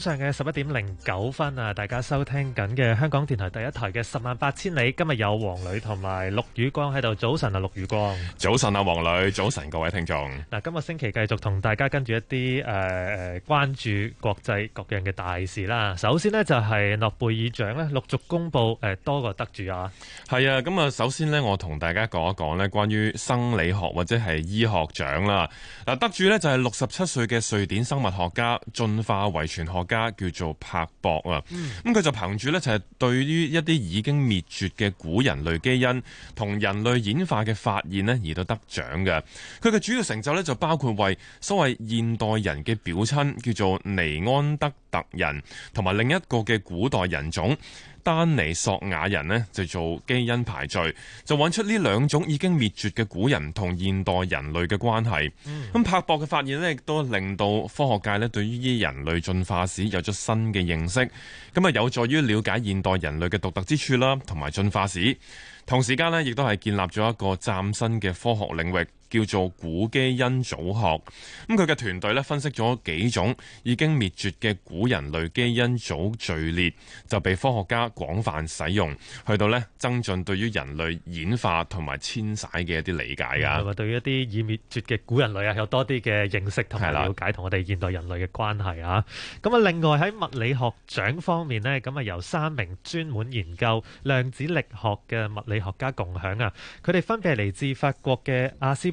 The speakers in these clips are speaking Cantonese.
早上嘅十一點零九分啊！大家收聽緊嘅香港電台第一台嘅《十萬八千里》，今日有黃女同埋陸宇光喺度。早晨啊，陸宇光！早晨啊，黃女！早晨，各位聽眾。嗱，今個星期繼續同大家跟住一啲誒誒，關注國際各樣嘅大事啦。首先咧就係諾貝爾獎咧陸續公布，誒多個得主啊。係啊，咁啊，首先咧我同大家講一講咧關於生理學或者係醫學獎啦。嗱，得主咧就係六十七歲嘅瑞典生物學家進化遺傳學。家叫做柏博啊，咁佢就憑住咧就係對於一啲已經滅絕嘅古人類基因同人類演化嘅發現而都得獎嘅。佢嘅主要成就咧就包括為所謂現代人嘅表親叫做尼安德特人，同埋另一個嘅古代人種。丹尼索瓦人呢，就做基因排序，就揾出呢兩種已經滅絕嘅古人同現代人類嘅關係。咁帕、嗯、博嘅發現呢，亦都令到科學界呢，對於呢人類進化史有咗新嘅認識。咁啊，有助於了解現代人類嘅獨特之處啦，同埋進化史。同時間呢，亦都係建立咗一個嶄新嘅科學領域。叫做古基因組學，咁佢嘅團隊咧分析咗幾種已經滅絕嘅古人類基因組序列，就被科學家廣泛使用，去到咧增進對於人類演化同埋遷徙嘅一啲理解噶。係咪對於一啲已滅絕嘅古人類啊有多啲嘅認識同埋了解，同我哋現代人類嘅關係啊？咁啊的，另外喺物理學獎方面咧，咁啊由三名專門研究量子力學嘅物理學家共享啊，佢哋分別嚟自法國嘅阿斯。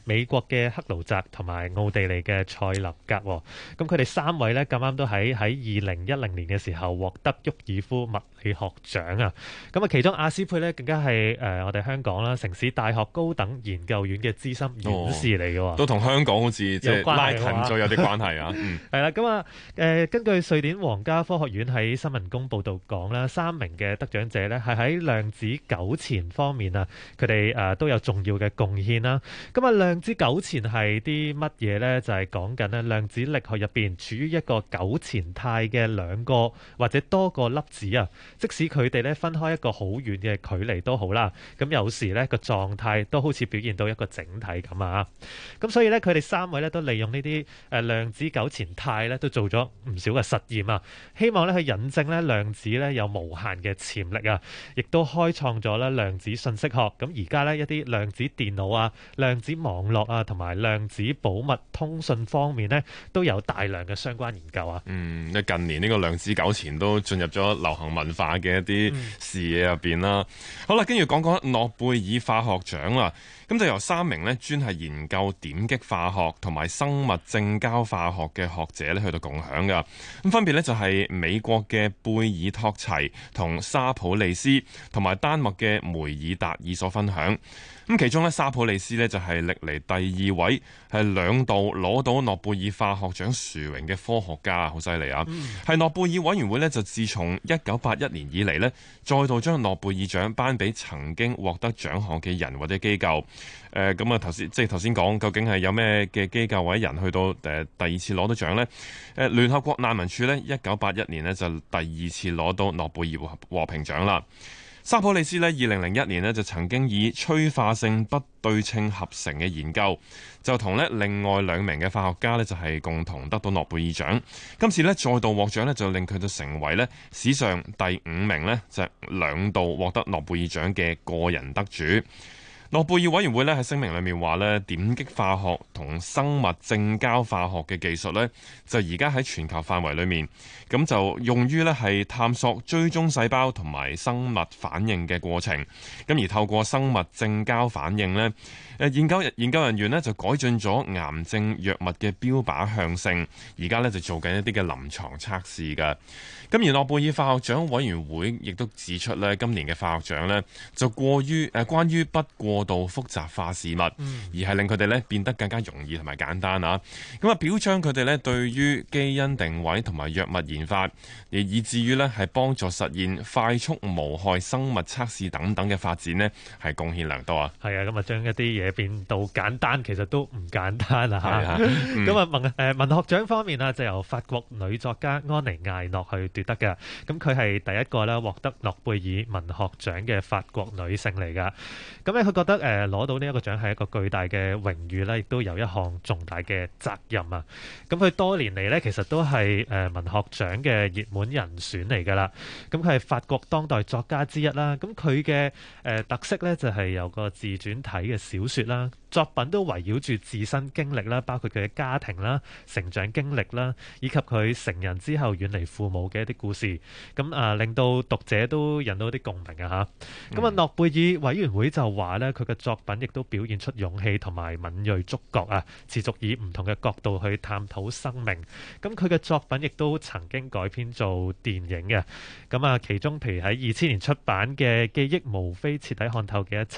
美國嘅克勞澤同埋奧地利嘅塞立格，咁佢哋三位咧，咁啱都喺喺二零一零年嘅時候獲得沃爾夫物理學獎啊！咁啊，其中阿斯佩咧更加係誒我哋香港啦，城市大學高等研究院嘅資深院士嚟嘅，都同香港好似即係拉近咗有啲關係啊！係啦，咁啊誒，根據瑞典皇家科學院喺新聞公報度講啦，三名嘅得獎者咧係喺量子糾纏方面啊，佢哋誒都有重要嘅貢獻啦。咁啊量。量子糾纏係啲乜嘢咧？就係講緊咧量子力學入邊處於一個糾纏態嘅兩個或者多個粒子啊，即使佢哋咧分開一個好遠嘅距離都好啦，咁有時咧個狀態都好似表現到一個整體咁啊！咁所以咧，佢哋三位咧都利用呢啲誒量子糾纏態咧，都做咗唔少嘅實驗啊，希望咧去引證咧量子咧有無限嘅潛力啊，亦都開創咗咧量子信息學，咁而家咧一啲量子電腦啊、量子網。網絡啊，同埋量子保密通訊方面呢都有大量嘅相關研究啊。嗯，近年呢個量子糾纏都進入咗流行文化嘅一啲視野入邊啦。嗯嗯好啦，跟住講講諾貝爾化學獎啦。咁就由三名呢專係研究點擊化學同埋生物正交化學嘅學者去到共享噶。咁分別呢就係美國嘅貝爾托齊同沙普利斯，同埋丹麥嘅梅爾達爾所分享。咁其中咧，沙普利斯呢就係歷嚟第二位係兩度攞到諾貝爾化學獎殊榮嘅科學家，好犀利啊！係諾貝爾委員會呢，就自從一九八一年以嚟呢，再度將諾貝爾獎頒俾曾經獲得獎項嘅人或者機構。誒、呃，咁、嗯、啊，頭先即係頭先講，究竟係有咩嘅機構或者人去到誒、呃、第二次攞到獎呢？誒、呃，聯合國難民署呢，一九八一年呢，就第二次攞到諾貝爾和平獎啦。沙普利斯呢，二零零一年呢，就曾經以催化性不對稱合成嘅研究，就同呢另外兩名嘅化學家呢，就係共同得到諾貝爾獎。今次呢，再度獲獎呢，就令佢哋成為呢史上第五名呢就兩度獲得諾貝爾獎嘅個人得主。諾貝爾委員會咧喺聲明裏面話咧，點擊化學同生物正交化學嘅技術咧，就而家喺全球範圍裏面咁就用於咧係探索追蹤細胞同埋生物反應嘅過程。咁而透過生物正交反應咧，誒研究研究人員就改進咗癌症藥物嘅標靶向性，而家咧就做緊一啲嘅臨牀測試嘅。咁而諾貝爾化學獎委員會亦都指出咧，今年嘅化學獎咧就過於誒關於不過。到複雜化事物，而係令佢哋咧變得更加容易同埋簡單啊！咁啊，表彰佢哋咧對於基因定位同埋藥物研發，而以至於咧係幫助實現快速無害生物測試等等嘅發展咧，係貢獻良多啊！係啊，咁啊，將一啲嘢變到簡單，其實都唔簡單啦！吓，咁啊文誒文學獎方面啊，就由法國女作家安妮艾諾去奪得嘅，咁佢係第一個咧獲得諾貝爾文學獎嘅法國女性嚟噶，咁咧佢覺得。得攞到呢一個獎係一個巨大嘅榮譽咧，亦都有一項重大嘅責任啊！咁佢多年嚟咧，其實都係文學獎嘅熱門人選嚟噶啦。咁佢係法國當代作家之一啦。咁佢嘅特色咧，就係有個自傳體嘅小說啦。作品都圍繞住自身經歷啦，包括佢嘅家庭啦、成長經歷啦，以及佢成人之後遠離父母嘅一啲故事，咁啊令到讀者都引到啲共鳴啊！吓、嗯，咁啊諾貝爾委員會就話呢佢嘅作品亦都表現出勇氣同埋敏銳觸覺啊，持續以唔同嘅角度去探討生命。咁佢嘅作品亦都曾經改編做電影嘅，咁啊其中譬如喺二千年出版嘅《記憶無非徹底看透嘅一切》。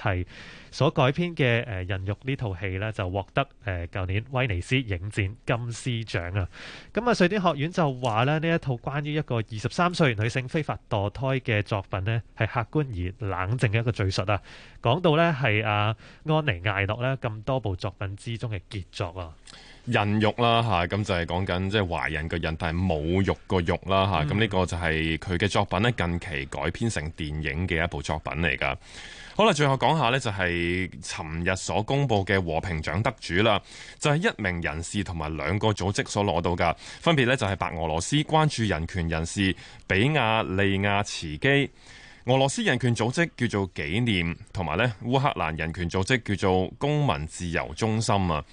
所改編嘅誒《孕辱》呢套戲呢，就獲得誒舊年威尼斯影展金獅獎啊！咁啊，瑞典學院就話咧，呢一套關於一個二十三歲女性非法墮胎嘅作品呢，係客觀而冷靜嘅一個敘述啊。講到呢係啊安妮艾諾呢咁多部作品之中嘅傑作啊，《孕辱》啦嚇，咁就係講緊即係懷孕個孕，但係侮辱個辱啦嚇。咁呢個就係佢嘅作品咧，近期改編成電影嘅一部作品嚟㗎。好啦，最後講下呢，就係尋日所公佈嘅和平獎得主啦，就係、是、一名人士同埋兩個組織所攞到噶，分別呢，就係白俄羅斯關注人權人士比亞利亞茨基、俄羅斯人權組織叫做紀念，同埋呢烏克蘭人權組織叫做公民自由中心啊。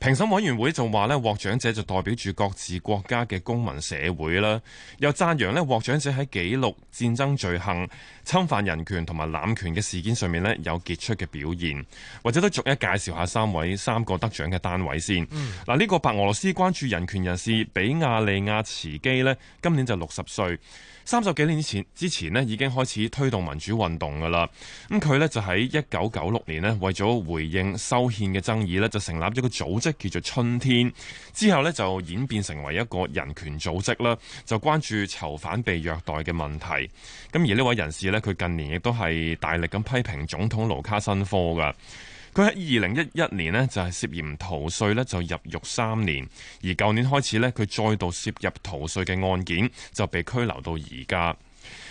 評審委員會就話咧，獲獎者就代表住各自國家嘅公民社會啦，又讚揚咧獲獎者喺記錄戰爭罪行、侵犯人權同埋濫權嘅事件上面咧有傑出嘅表現，或者都逐一介紹下三位三個得獎嘅單位先。嗱、嗯，呢個白俄羅斯關注人權人士比亞利亞茨基呢，今年就六十歲。三十幾年前之前呢已經開始推動民主運動㗎喇，咁佢呢就喺一九九六年呢為咗回應修憲嘅爭議呢就成立咗個組織叫做春天，之後呢，就演變成為一個人權組織啦，就關注囚犯被虐待嘅問題。咁而呢位人士呢，佢近年亦都係大力咁批評總統盧卡申科㗎。佢喺二零一一年呢，就係涉嫌逃稅呢就入獄三年，而舊年開始呢，佢再度涉入逃稅嘅案件，就被拘留到而家。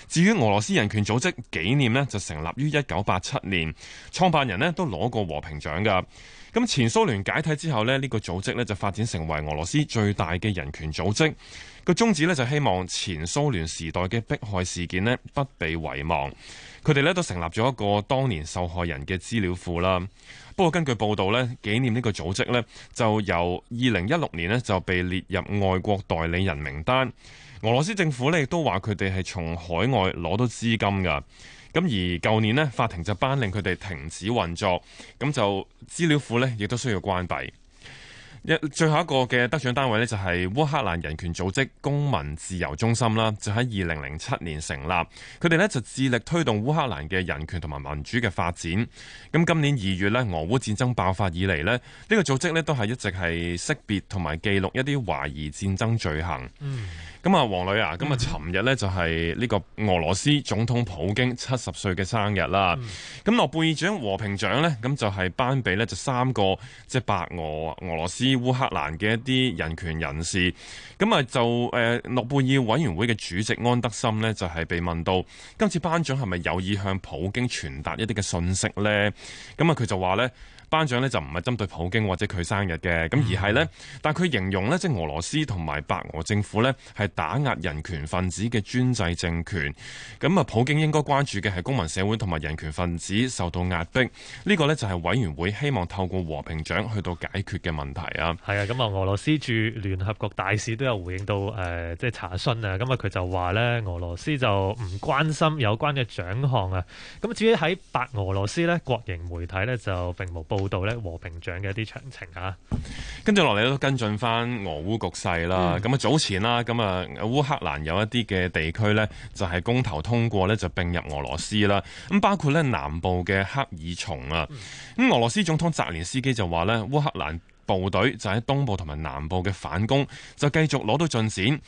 至於俄羅斯人權組織紀念呢，就成立於一九八七年，創辦人呢都攞過和平獎噶。咁前蘇聯解體之後呢，呢個組織呢，就發展成為俄羅斯最大嘅人權組織，個宗旨呢，就希望前蘇聯時代嘅迫害事件呢，不被遺忘。佢哋咧都成立咗一個當年受害人嘅資料庫啦，不過根據報道咧，紀念呢個組織呢，就由二零一六年咧就被列入外國代理人名單。俄羅斯政府呢，亦都話佢哋係從海外攞到資金噶，咁而舊年呢，法庭就頒令佢哋停止運作，咁就資料庫呢，亦都需要關閉。一最後一個嘅得獎單位咧，就係烏克蘭人權組織公民自由中心啦。就喺二零零七年成立，佢哋咧就致力推動烏克蘭嘅人權同埋民主嘅發展。咁今年二月咧，俄烏戰爭爆發以嚟咧，呢、呢個組織咧都係一直係識別同埋記錄一啲懷疑戰爭罪行。嗯。咁啊，王磊啊，咁啊，尋日咧就係呢個俄羅斯總統普京七十歲嘅生日啦。咁諾貝爾獎和平獎咧，咁就係頒俾咧就三個即係白俄俄羅斯。烏克蘭嘅一啲人權人士，咁啊就誒、呃、諾貝爾委員會嘅主席安德森呢，就係、是、被問到今次頒獎係咪有意向普京傳達一啲嘅信息呢？咁啊佢就話呢，頒獎呢就唔係針對普京或者佢生日嘅，咁而係呢。但佢形容呢，即係俄羅斯同埋白俄政府呢，係打壓人權分子嘅專制政權。咁啊，普京應該關注嘅係公民社會同埋人權分子受到壓迫。呢個呢，就係委員會希望透過和平獎去到解決嘅問題啊。係啊，咁啊，俄羅斯駐聯合國大使都有回應到誒、呃，即係查詢啊，咁啊，佢就話呢，俄羅斯就唔關心有關嘅獎項啊。咁至於喺白俄羅斯呢，國營媒體呢，就並冇報報道咧和平獎嘅一啲詳情啊，下來跟住落嚟都跟進翻俄烏局勢啦。咁啊、嗯、早前啦，咁啊烏克蘭有一啲嘅地區呢，就係公投通過呢，就併入俄羅斯啦。咁包括呢南部嘅赫爾松啊。咁、嗯、俄羅斯總統澤連斯基就話呢，烏克蘭部隊就喺東部同埋南部嘅反攻就繼續攞到進展。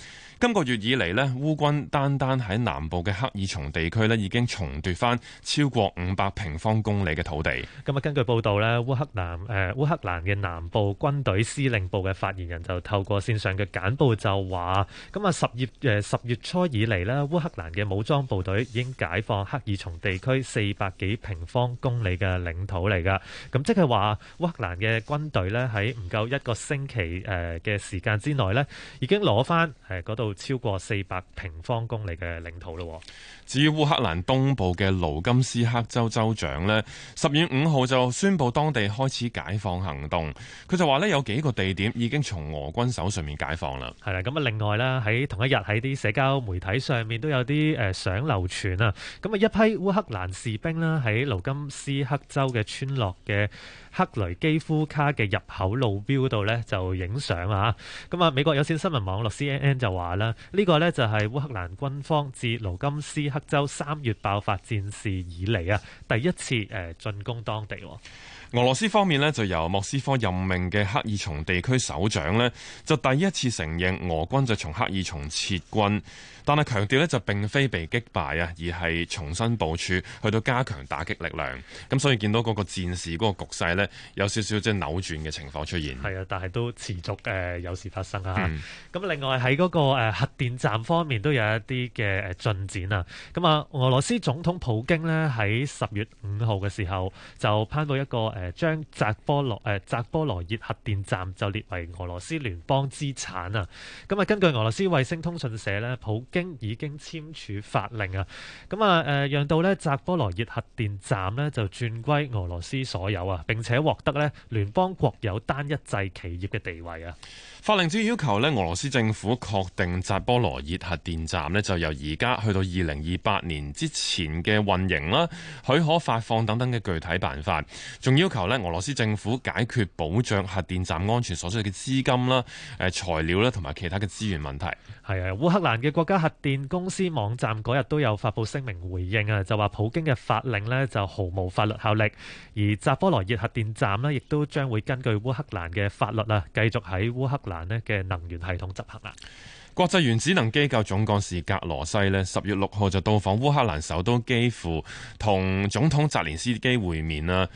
今個月以嚟呢，烏軍單單喺南部嘅克爾松地區咧，已經重奪翻超過五百平方公里嘅土地。咁啊，根據報道呢，烏克蘭誒烏克蘭嘅南部軍隊司令部嘅發言人就透過線上嘅簡報就話：咁啊，十月誒十月初以嚟呢，烏克蘭嘅武裝部隊已經解放克爾松地區四百幾平方公里嘅領土嚟噶。咁即係話，烏克蘭嘅軍隊呢，喺唔夠一個星期誒嘅時間之內呢，已經攞翻誒嗰度，超過四百平方公里嘅領土咯。至於烏克蘭東部嘅盧甘斯克州州長呢，十月五號就宣布當地開始解放行動。佢就話呢，有幾個地點已經從俄軍手上面解放啦。係啦，咁啊，另外啦，喺同一日喺啲社交媒體上面都有啲誒相流傳啊。咁啊，一批烏克蘭士兵啦，喺盧甘斯克州嘅村落嘅克雷基夫卡嘅入口路標度呢，就影相啊。咁啊，美國有線新聞網絡 CNN 就話，呢個呢就係烏克蘭軍方自盧甘斯克州三月爆發戰事以嚟啊，第一次誒進攻當地。俄羅斯方面呢就由莫斯科任命嘅克爾松地區首長呢就第一次承認俄軍就從克爾松撤軍，但係強調呢就並非被擊敗啊，而係重新部署，去到加強打擊力量。咁所以見到嗰個戰事，嗰個局勢呢有少少即係扭轉嘅情況出現。係啊，但係都持續誒有事發生啊。咁、嗯、另外喺嗰個誒核電站方面都有一啲嘅誒進展啊。咁啊，俄羅斯總統普京呢，喺十月五號嘅時候就攀到一個將將扎波羅誒扎波羅熱核電站就列為俄羅斯聯邦資產啊！咁啊，根據俄羅斯衛星通訊社咧，普京已經簽署法令啊，咁啊誒，讓到咧扎波羅熱核電站咧就轉歸俄羅斯所有啊，並且獲得咧聯邦國有單一制企業嘅地位啊！法令只要求咧，俄羅斯政府確定扎波羅熱核電站咧就由而家去到二零二八年之前嘅運營啦、許可發放等等嘅具體辦法，仲要求咧俄羅斯政府解決保障核電站安全所需嘅資金啦、誒材料啦同埋其他嘅資源問題，係啊，烏克蘭嘅國家核電公司網站嗰日都有發布聲明回應啊，就話普京嘅法令咧就毫無法律效力，而扎波羅熱核電站咧亦都將會根據烏克蘭嘅法律啊繼續喺烏克蘭。蘭嘅能源系統執行啊。國際原子能機構總幹事格羅西咧十月六號就到訪烏克蘭首都基輔，同總統澤連斯基會面啦。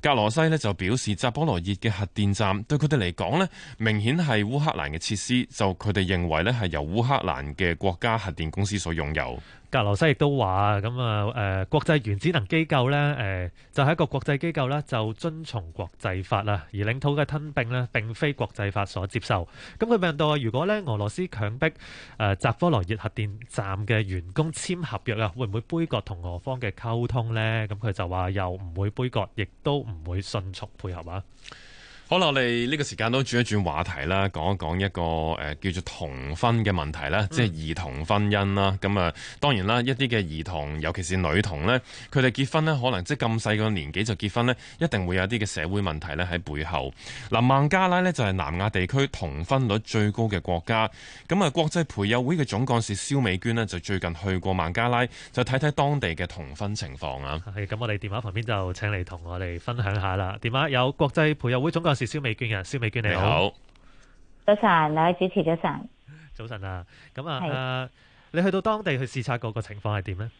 格羅西咧就表示，扎波羅熱嘅核電站對佢哋嚟講咧，明顯係烏克蘭嘅設施，就佢哋認為咧係由烏克蘭嘅國家核電公司所擁有。格羅西亦都話：咁啊，誒國際原子能機構咧，誒就係一個國際機構咧，就遵從國際法啦。而領土嘅吞併咧，並非國際法所接受。咁佢問到，如果咧俄羅斯強迫誒扎波羅熱核電站嘅員工簽合約啊，會唔會杯葛同俄方嘅溝通咧？咁佢就話：又唔會杯葛，亦都唔會迅速配合啊。好啦，我哋呢個時間都轉一轉話題啦，講一講一個誒、呃、叫做童婚嘅問題啦，即係兒童婚姻啦。咁啊、嗯，當然啦，一啲嘅兒童，尤其是女童呢，佢哋結婚呢，可能即係咁細個年紀就結婚呢，一定會有啲嘅社會問題呢喺背後。嗱，孟加拉呢就係南亞地區童婚率最高嘅國家。咁啊，國際培幼會嘅總幹事蕭美娟呢，就最近去過孟加拉，就睇睇當地嘅童婚情況啊。係，咁我哋電話旁邊就請你同我哋分享一下啦。電話有國際培幼會總我是蕭美娟嘅，蕭美娟你好。早晨，你好，兩位主持早晨。早晨是啊，咁啊，誒，你去到當地去視察嗰個情況係點咧？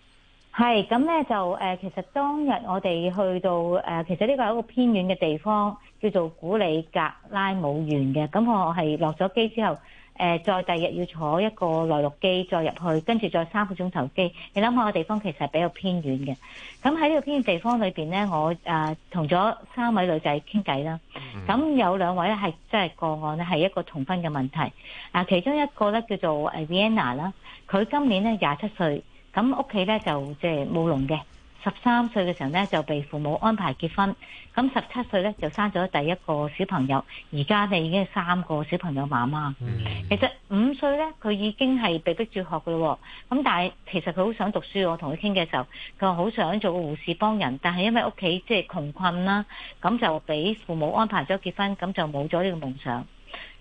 係，咁咧就誒、呃，其實當日我哋去到誒、呃，其實呢個係一個偏遠嘅地方，叫做古里格拉姆縣嘅。咁我係落咗機之後。誒，再第日要坐一個內陸機再入去，跟住再三個鐘頭機。你諗下個地方其實係比較偏遠嘅。咁喺呢個偏遠地方裏面呢，我誒同咗三位女仔傾偈啦。咁、嗯、有兩位咧係即係個案咧，係一個童婚嘅問題。啊，其中一個咧叫做 Vienna 啦，佢今年咧廿七歲，咁屋企咧就即係務農嘅。十三歲嘅時候咧，就被父母安排結婚，咁十七歲咧就生咗第一個小朋友，而家咧已經係三個小朋友媽媽。Mm hmm. 其實五歲咧，佢已經係被迫輟學噶咯，咁但係其實佢好想讀書。我同佢傾嘅時候，佢話好想做個護士幫人，但係因為屋企即係窮困啦，咁就俾父母安排咗結婚，咁就冇咗呢個夢想。誒、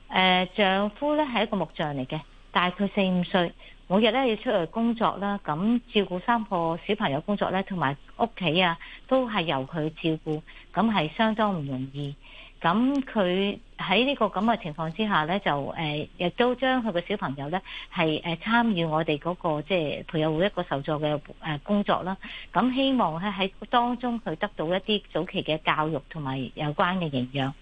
呃，丈夫咧係一個木匠嚟嘅。大概四五歲，每日咧要出去工作啦，咁照顧三個小朋友工作咧，同埋屋企啊，都係由佢照顧，咁係相當唔容易。咁佢。喺呢個咁嘅情況之下呢就誒亦、呃、都將佢個小朋友呢係誒、呃、參與我哋嗰、嗰個即係培幼會一個受助嘅誒工作啦。咁、嗯、希望咧喺當中佢得到一啲早期嘅教育同埋有關嘅營養。咁、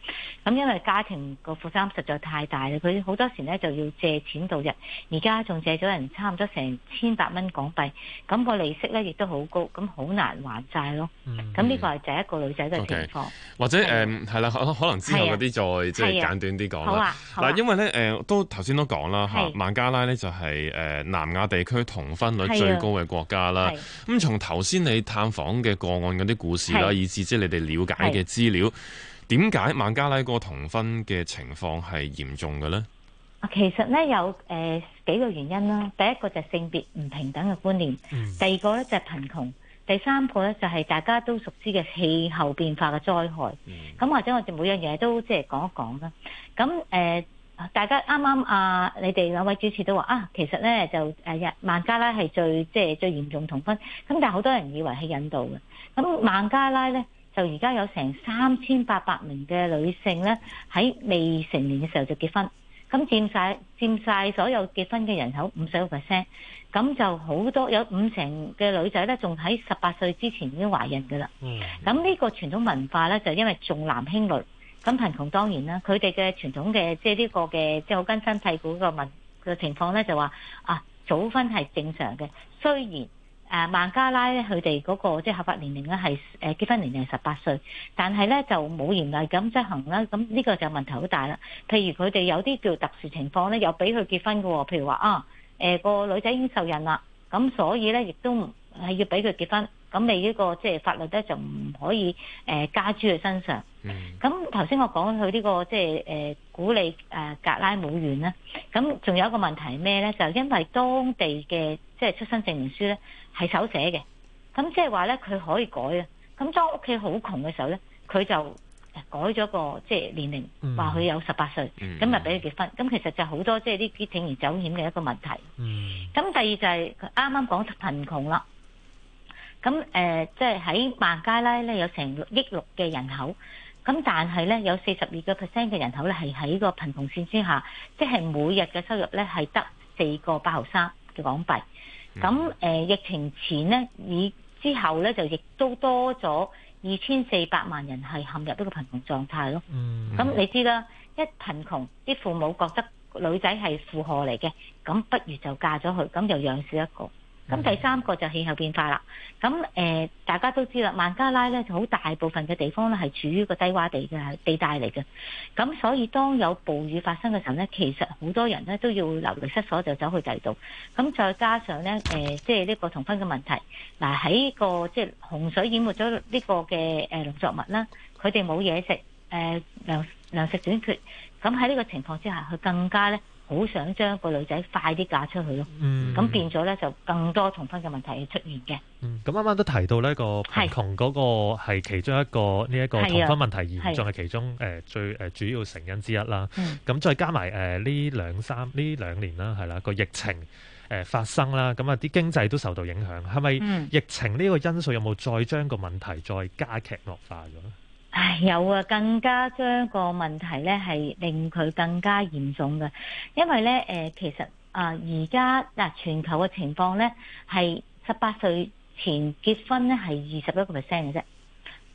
嗯、因為家庭個負擔實在太大啦，佢好多時呢就要借錢度日。而家仲借咗人差唔多成千百蚊港幣，咁、嗯嗯、個利息呢亦都好高，咁好難還債咯。咁呢個係第一個女仔嘅情況，okay，或者誒係啦，可、啊嗯啊、可能之後嗰啲再。係簡短啲講啦，嗱，啊啊、因為咧，誒、呃，都頭先都講啦，哈的，孟加拉咧就係誒南亞地區童婚率最高嘅國家啦。咁從頭先你探訪嘅個案嗰啲故事啦，的以至即係你哋了解嘅資料，點解孟加拉個童婚嘅情況係嚴重嘅咧？啊，其實咧有誒、呃、幾個原因啦。第一個就係性別唔平等嘅觀念，嗯、第二個咧就係貧窮。第三個咧就係大家都熟知嘅氣候變化嘅災害，咁、嗯、或者我哋每樣嘢都即係講一講啦。咁大家啱啱啊，你哋兩位主持都話啊，其實咧就誒日、啊、孟加拉係最即係、就是、最嚴重童婚，咁但係好多人以為係印度嘅。咁孟加拉咧就而家有成三千八百名嘅女性咧喺未成年嘅時候就結婚。咁佔曬佔曬所有結婚嘅人口五十六個 percent，咁就好多有五成嘅女仔咧，仲喺十八歲之前已經懷孕噶啦。咁呢個傳統文化咧，就因為重男輕女，咁貧窮當然啦，佢哋嘅傳統嘅即係呢個嘅即係好根深蒂固嘅文嘅情況咧，就話啊早婚係正常嘅，雖然。誒、啊、孟加拉咧，佢哋嗰個即係合法年齡咧係誒結婚年齡係十八歲，但係咧就冇嚴厲咁執行啦，咁呢個就問題好大啦。譬如佢哋有啲叫特殊情況咧，又俾佢結婚嘅喎、哦，譬如話啊誒個、呃、女仔已經受孕啦，咁所以咧亦都係要俾佢結婚，咁你呢、這個即係法律咧就唔可以誒、呃、加諸佢身上。咁頭先我講佢呢、這個即係誒鼓勵誒格拉冇院啦，咁仲有一個問題係咩咧？就因為當地嘅。即係出生證明書咧係手寫嘅，咁即係話咧佢可以改嘅。咁當屋企好窮嘅時候咧，佢就改咗個即係年齡，話佢有十八歲，咁啊俾佢結婚。咁、嗯、其實就好多即係啲鋌而走險嘅一個問題。咁、嗯、第二就係佢啱啱講貧窮啦。咁誒，即係喺孟加拉咧有成六億六嘅人口，咁但係咧有四十二個 percent 嘅人口咧係喺個貧窮線之下，即係每日嘅收入咧係得四個百侯沙港幣咁誒、呃、疫情前咧，以之後咧就亦都多咗二千四百萬人係陷入呢個貧窮狀態咯。咁、嗯、你知啦，一貧窮，啲父母覺得女仔係負荷嚟嘅，咁不如就嫁咗佢，咁就養少一個。咁第三個就氣候變化啦。咁、呃、大家都知啦，孟加拉咧就好大部分嘅地方咧係處於個低洼地嘅地帶嚟嘅。咁所以當有暴雨發生嘅時候咧，其實好多人咧都要流離失所，就走去第度。咁再加上咧、呃、即係呢個童婚嘅問題。嗱、呃、喺、個即係洪水淹沒咗呢個嘅農作物啦，佢哋冇嘢食，誒、呃、糧食短缺。咁喺呢個情況之下，佢更加咧。好想將個女仔快啲嫁出去咯，咁、嗯、變咗咧就更多童婚嘅問題出現嘅。咁啱啱都提到呢個貧窮嗰個係其中一個呢一個童婚問題嚴重係其中、呃、最、呃、主要成因之一啦。咁、嗯、再加埋呢兩三呢兩年啦，係啦個疫情誒、呃、發生啦，咁啊啲經濟都受到影響，係咪疫情呢個因素有冇再將個問題再加劇惡化咗？唉，有啊，更加將個問題咧係令佢更加嚴重嘅，因為咧誒，其實啊，而家嗱，全球嘅情況咧係十八歲前結婚咧係二十一個 percent 嘅啫，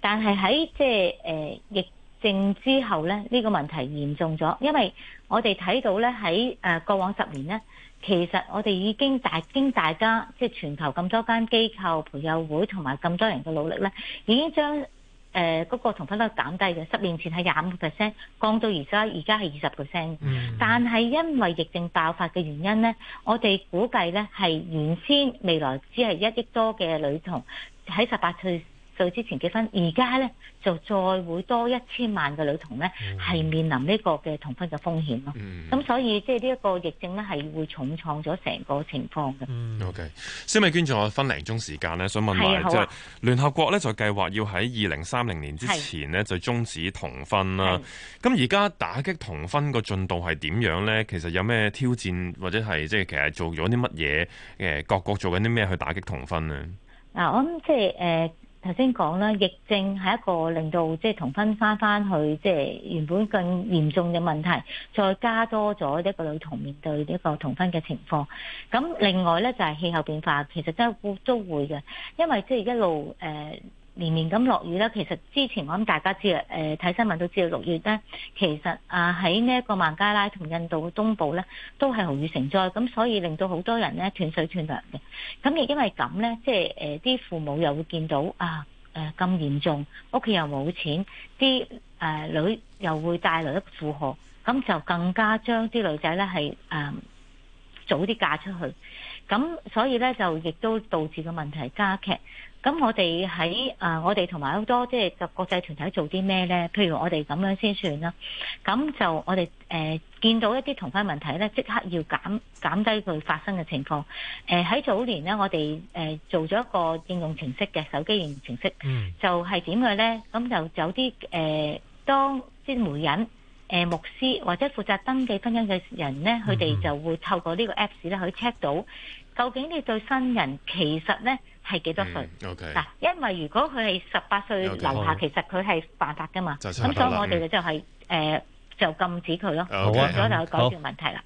但係喺即係誒疫症之後咧，呢個問題嚴重咗，因為我哋睇到咧喺誒過往十年咧，其實我哋已經大經大家即係全球咁多間機構、培幼會同埋咁多人嘅努力咧，已經將。誒嗰、呃那個童婚率減低嘅，十年前係廿五 percent，降到而家而家係二十 percent，但係因為疫症爆發嘅原因呢，我哋估計呢係原先未來只係一億多嘅女童喺十八歲。到之前結婚，而家咧就再會多一千萬嘅女童咧，係、嗯、面臨呢個嘅童婚嘅風險咯。咁、嗯、所以即係呢一個疫症咧，係會重創咗成個情況嘅。嗯、o、okay. K. 蕭美娟，仲有分零鐘時間咧，想問埋即係聯合國咧，就計劃要喺二零三零年之前咧就終止童婚啦。咁而家打擊童婚個進度係點樣咧？其實有咩挑戰或者係即係其實做咗啲乜嘢？誒，各國做緊啲咩去打擊童婚咧？嗱、嗯，我諗即係誒。呃頭先講啦，疫症係一個令到即係童婚翻翻去，即係原本更嚴重嘅問題，再加多咗一個女童面對呢個童婚嘅情況。咁另外呢，就係、是、氣候變化，其實都都會嘅，因為即係一路誒。呃年年咁落雨啦，其實之前我諗大家知道，誒睇新聞都知道六月咧，其實啊喺呢一個孟加拉同印度東部咧都係豪雨成災，咁所以令到好多人咧斷水斷糧嘅。咁亦因為咁咧，即係誒啲父母又會見到啊誒咁嚴重，屋企又冇錢，啲女又會帶來一個負荷，咁就更加將啲女仔咧係誒早啲嫁出去。咁所以咧就亦都導致個問題加劇。咁我哋喺啊，我哋同埋好多即係就國際團體做啲咩咧？譬如我哋咁樣先算啦。咁就我哋誒見到一啲童婚問題咧，即刻要減減低佢發生嘅情況。誒喺早年咧，我哋誒做咗一個應用程式嘅手機應用程式，就係點嘅咧？咁就有啲誒，當啲媒人、誒牧師或者負責登記婚姻嘅人咧，佢哋就會透過呢個 Apps 咧去 check 到，究竟呢對新人其實咧。係幾多歲？嗱、嗯，okay, 因為如果佢係十八歲樓下，其實佢係犯法㗎嘛。咁、嗯嗯、所以我哋就係、是、誒、嗯呃、就禁止佢咯。咁就解決問題啦。嗯 okay.